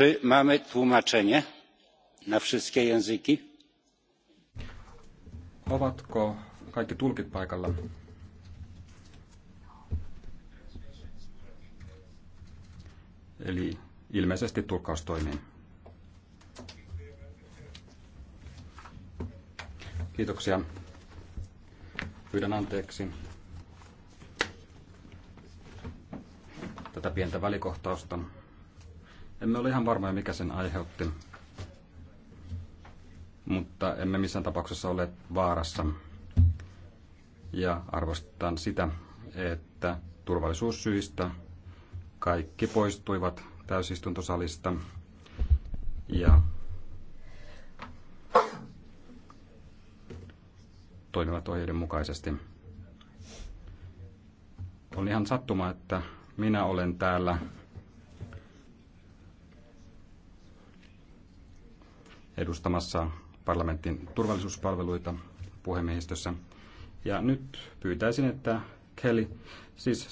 czy mamy tłumaczenie na wszystkie języki? Ovatko kaikki tulkit paikalla? Eli ilmeisesti tulkkaus toimii. Kiitoksia. Pyydän anteeksi tätä pientä välikohtausta. Emme ole ihan varmoja, mikä sen aiheutti, mutta emme missään tapauksessa ole vaarassa. Ja arvostan sitä, että turvallisuussyistä kaikki poistuivat täysistuntosalista ja toimivat ohjeiden mukaisesti. On ihan sattuma, että minä olen täällä edustamassa parlamentin turvallisuuspalveluita puhemiehistössä. Ja nyt pyytäisin, että Kelly, siis